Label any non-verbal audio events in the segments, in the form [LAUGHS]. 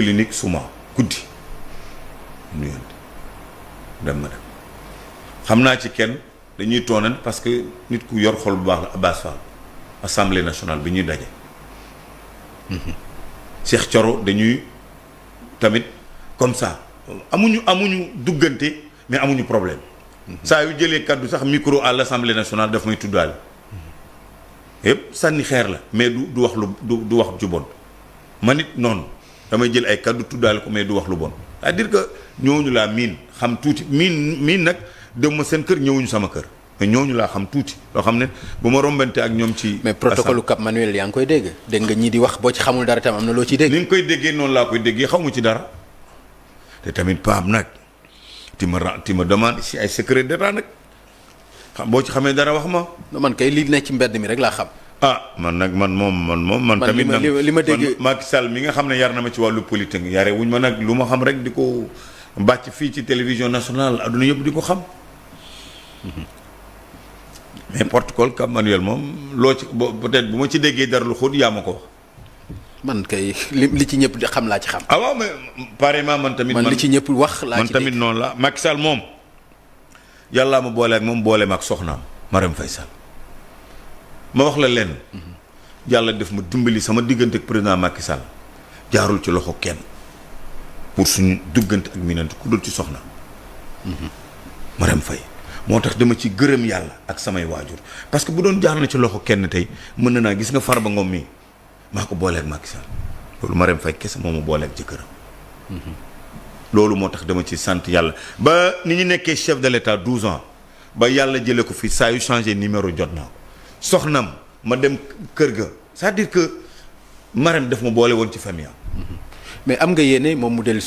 clinique suma guddi nuyante dem na dem xam naa ci kenn dañuy toonan parce que nit ku yor xol bu baax la Abbas Fall assemblée nationale bi ñuy daje mhm. Cheikh coro dañuy tamit comme ça amuñu amuñu duggante mais amuñu problème mhm. saa yu jëlee kàddu sax micro à l'assemblée nationale daf may tuddaale mhm. yëpp sànni xeer la mais du du wax lu du du wax juboon man it noonu damay jël ay kàddu tuddaale ko mais du wax lu bon c'est-à-dire que ñooñu laa miin xam tuuti miin miin nag dem ma seen kër ñëwuñu sama kër mais ñooñu laa xam tuuti loo xam ne bu ma rombante ak ñoom ci. mais protocole Cap Manuel yaa ngi koy dégg. dégg nga ñii di wax boo ci xamul dara am na loo ciy dégg. ni koy déggee noonu koy déggee xamu ci te tamit paam nag ti ma ra ti ma demande si ay secret d'état nag xam boo ci xamee dara wax ma. man kay lii ne ci mbedd mi rek laa xam. ah man nag man moom man moom man tamit nag li ma dégg Macky Sall mi nga xam ne yar na ci wàllu politique yare wuñ ma nag lu ma xam rek di ko bàcc fii ci télévision nationale adduna yëpp di ko xam mais protocole Cap Manuel moom loo ci peut-être bu ma ci déggee dara lu xóot yaa ko wax man kay ci ñëpp di xam laa ci xam. ah man tamit. man li ci ñëpp wax laa man tamit noonu la Macky Sall moom yàllaa ma boole ak moom boole ma ak soxnaam mu fay Sall ma wax la leen yàlla def ma dimbali sama diggante ak président Macky Sall jaarul ci loxo kenn pour suñu duggante ak minante ku dul ci soxna Marème fay moo tax dama ci gërëm yàlla ak samay waajur parce que bu doon jaar na ci loxo kenn tey mën na naa gis nga Farba Ngom mii maa ko booleeg Macky Sall loolu Marème Faye kese moo ma booleeg jëkkëram loolu moo tax dama ci sant yàlla ba ni ñu nekkee chef de l'état 12 ans ba yàlla jëlee ko fi saa yu changé jot naa soxnam ma dem kër ga c'est-à-dire que Marème daf ma bolé won ci famille mm-hmm. mais am nga yéene moom mu dellu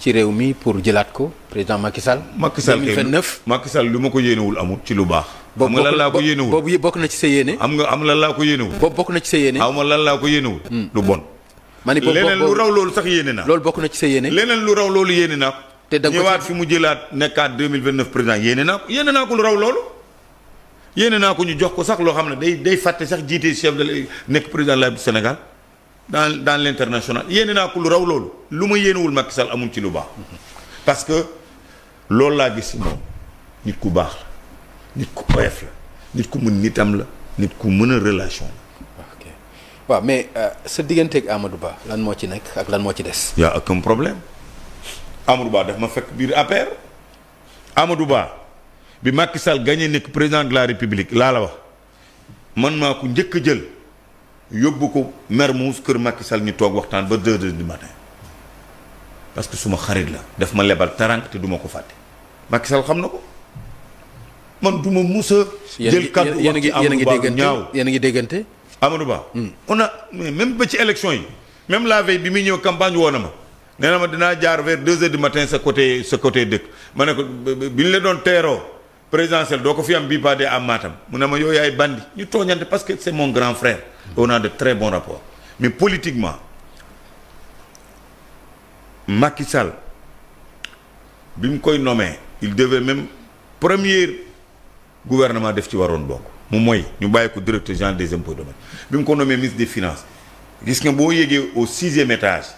ci réew mi pour jëlaat ko président Macky Sall. Macky Sall 2029 Macky Sall lu ma ko yéenewul amul ci lu baax. am nga lan laa ko yéenewul boobu bokk na ci sa yéene. am nga am lan la ko yéenewul. bokk na ci sa yéene. aw ma lan ko yéenewul. lu bon. ma ni boobu lu raw lolou sax yéene naa. loolu bokk na ci sa yéene. lenen lu raw lolou yéene naa. te da nga ñëwaat fi mu jëlaat nekkaat 2029 président yéene naa ko yéene ko lu raw lolou yéene naa ko ñu jox ko sax loo xam ne day day fàtte sax jiite chef de nekk président de la Sénégal dans dans l' international yéene naa ko lu raw loolu lu ma yéenewul Macky Sall amul ci lu baax parce que loolu laa gis moom nit ku baax la nit ku oyof la nit ku mën nitam la nit ku mën a relation la. ok waaw mais euh, sa digganteeg Amadou Ba lan moo ci nekk ak lan moo ci des. y' a aucun problème Amadou Ba daf ma fekk biir APR Amadou Ba bi Macky Sall gagné nek président de la république la la wax man mako ñëk jël yobbu ko Mermoz keur Macky Sall ñu tok waxtaan ba 2h du matin parce que suma xarit la daf ma lebal tarank te duma ko faté Macky Sall xam na man duma musse jël kàddu wax ci Amadou Ba ñaaw yéen ngi déggante Amadou Ba hmm. on a même ba ci élection yi même la veille bi mi ñëw campagne ou na ma na ma dina jaar vers 2 h du matin ce côté ce côté dëkk mané ko biñ la doon présidentielle donc ko fi am bii ba dee am Matam mu ma bandi ñu tooñante parce que c'est mon grand frère. on a de très bons rapports mais politiquement Macky Sall bim koy nommé il devait même premier gouvernement def ci waroon bok mu moy ñu bayiko directeur général des impôts domaines bi ko nommé ministre des finances risque bo yégué au au sixième étage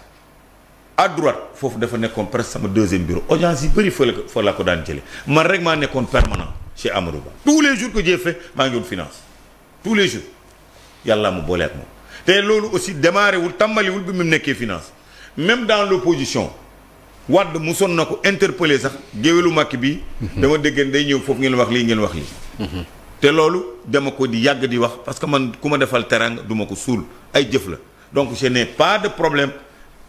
à droite fofu dafa qu'on presque sama deuxième bureau audience yi bëri fa la fa laa ko daan jëlee man rek ma nekkoon permanent chez Amadou tous les jours que j'ai fait ma ngi finance tous les jours yalla mu boole ak moom. te aussi démarré wul tàmbaliwul bi mu nekkee finance même dans l'opposition, wad Wade nako na interpellé sax géwélu màkk bi. Mhm. dama dégg day ñëw foofu ngeen wax li ngeen wax lii. Mhm. te loolu dama ko di yag di wax parce que man kuma defal terang duma ko sul ay jëf la donc je n'ai pas de problème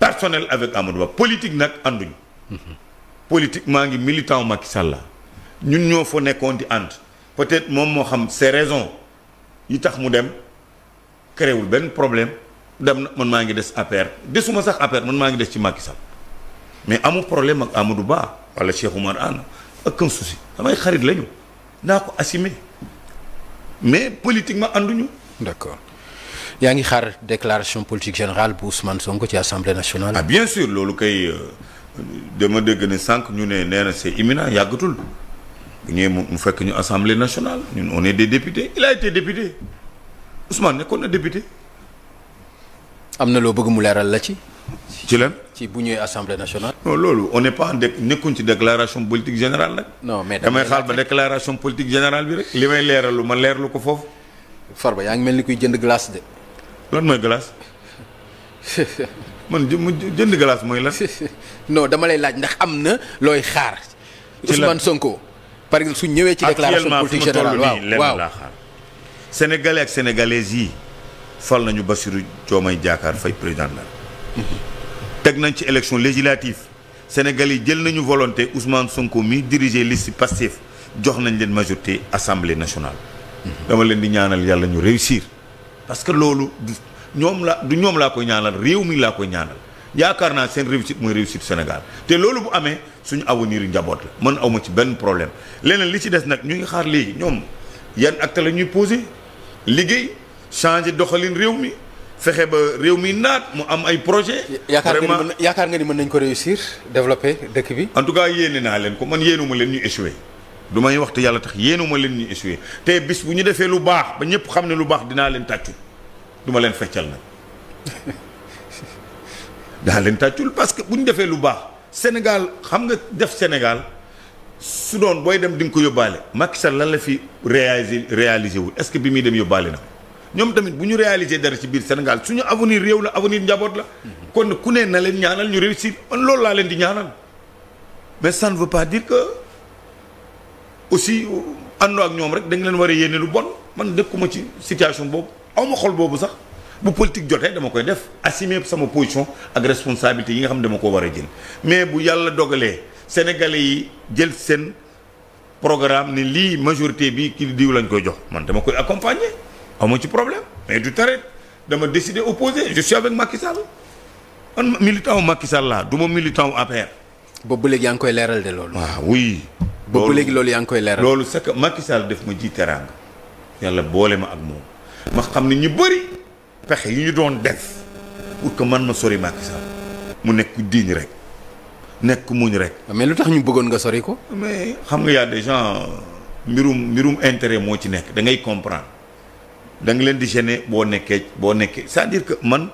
personnel avec Amadou Ba politique nag ànduñ politique mangue militant Macky Sall la ñun ñoo fa nekkoon di ànd peut-être mon moo xam ces raisons yi tax mu dem créewul benn problème dem man maa ngi des APR desuma sax APR man maa des ci Macky Mais mais amul problème ak Amadou à wala Cheikh Oumar Anne aucun souci damay xarit lañu N'a pas assumer mais politiquement ànduñu d'accord yaa ngi xaar déclaration politique générale pour Ousmane Sonko ci assemblée nationale. ah bien sûr loolu kay euh, dama dégg ne sànq ñu ne nee na c'est imminent yàggatul bu ñëwee mu fekk ñu assemblée nationale ñun on est des députés il a été député Ousmane nekkoon na député. Amna lo bëgg mu léral la ci. ci lan ci bu ñëwee assemblée nationale. non lolu on n'est pas en nekkuñ ci déclaration politique générale nak non mais damay xal ba déclaration politique générale bi rek. li may leeralu ma lérlu ko foofu. Farba yaa ngi mel kuy jënd glace de. lan mooy glace. man jënd glace mooy lan. [LAUGHS] non dama lay laaj ndax am na looy xaar. ci la Ousmane Sonko par exemple su ñëwee ci déclaration politique générale waaw actuellement fu ak sénégalaises yi fal nañu Bassirou Diomaye Diakhar Faye président la teg nañ ci élection législative Sénégal yi jël nañu volonté Ousmane Sonko mi diriger liste Pastef jox nañ leen majorité assemblée nationale. Mhm. dama leen di ñaanal yàlla ñu réussir. parce que loolu du ñoom la du ñoom laa koy ñaanal réew mii laa koy ñaanal yaakaar naa seen réussite mooy réussite Sénégal te loolu bu amee suñu avenir njaboot la man awma ci benn problème leneen li ci des nag ñu ngi xaar léegi ñoom yan ak la ñuy posé liggéey changé doxalin réew mi fexe ba réew mi naat mu am ay projet vraiment yaakaar nga ni mën nañ ko réussir développé dëkk bi. en tout cas naa leen ko man yéenuma leen ñu échoué. du may waxtu yàlla tax ma leen ñu essuyer te bis bu ñu defee lu baax ba ñëpp xam ne lu baax dinaa leen tàccu duma leen feccal nag [LAUGHS] daa leen tàccul parce que bu ñu defee lu baax Sénégal xam nga def Sénégal su doon booy dem di nga ko yóbbaale Macky Sall lan la fi réalisé réalisé wul est-ce que bi muy dem yóbbaale na ñoom tamit bu ñu réalisé dara ci biir Sénégal suñu avenir réew la avenir njaboot la mhm. kon ku ne na leen ñaanal ñu réussir man loolu laa leen di ñaanal aussi ando ak ñom rek dañ leen wara a lu bon man dekkuma ci situation bobu aw xol bobu sax bu politique joté dama koy def assumer sama position ak responsabilité yi nga xam dama ko wara a jël mais bu yalla dogalé sénégalais yi jël sen programme ni li majorité bi kii diiw lañ koy jox man dama koy accompagner amu ci problème mais du tere dama décider opposer je suis avec Macky Sall man militant wu Macky Sall là du ma militant wu APR. boobu léegi yaa ngi koy léral de lolu ah oui. boobu léegi loolu yaa ngi koy leeral. loolu c'est que def ma ji teraanga yàlla boole ma ak moom ma xam ne ñu bari pexe yu ñu doon def pour que man ma sori Macky Sall mu nekk diiñ rek nekk muñ rek. Ah, mais lu tax ñu bëggoon nga sori ko. mais xam nga y a des gens mbirum mbirum intérêt moo ci nekk da ngay comprendre da nga leen di gêner boo nekkee boo nekkee sa à dire que man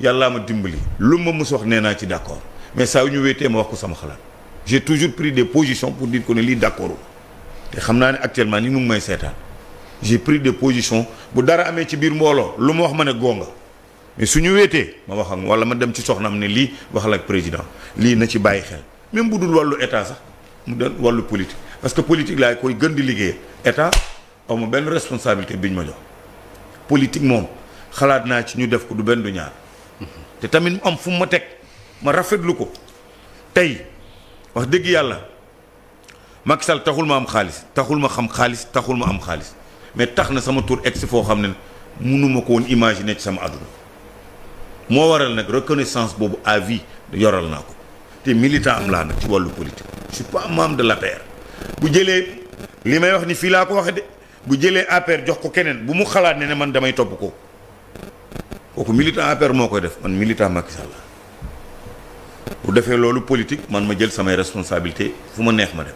yàllaa ma dimbali. lu ma mës wax nee naa ci d'accord mais saa yu ñu wéetee ma wax ko sama xalaat. j'ai toujours pris des positions pour dire qu'on est lii d'accord te actuellement ni mu ngi may seetaan j'ai pris des positions Pour dara amee ci biir mbooloo lu wax ma gonga mais suñu wéetee ma wax ak wala ma dem ci soxnaam ne li waxal ak président Li na ci bàyyi xel même bu dul wàllu état sax mu doon wàllu politique parce que politique laay koy gën di liggéeyal état aw ma benn responsabilité biñ ma jox politique moom xalaat naa ci ñu def ko du benn du ñaar mhm. te tamit am fu ma teg ma rafetlu ko tey wax dëgg yàlla Macky Sall taxul ma am xaalis taxul ma xam xaalis taxul ma am xaalis mais tax na sama tur egsi foo xam ne mënuma ko woon imaginer ci sama àdduna moo waral nag reconnaissance boobu à vie yoral naa ko te militant am laa nag ci wàllu politique je suis pas membre de l'APR bu jëlee li may wax ni fii laa ko waxee de bu jëlee APR jox ko keneen bu mu xalaat ne ne man damay topp ko kooku militant APR moo koy def man militan Macky Sall bu defee loolu politique man ma jël samay responsabilité fu ma neex ma dem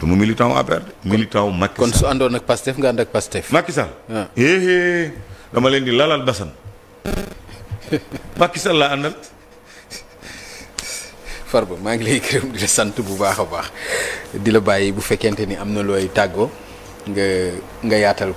du ma militant wu APR de. militant wu Macky Sall kon su àndoon ak Pastef nga ànd ak Pastef. Macky Sall. waaw ah. dama leen di lalal basan [LAUGHS] Macky Sall laa àndal. Farba maa ngi lay gërëm di la sant bu baax a baax di la bàyyi bu fekkente ni am na looy tàggoo nga nga yaatal.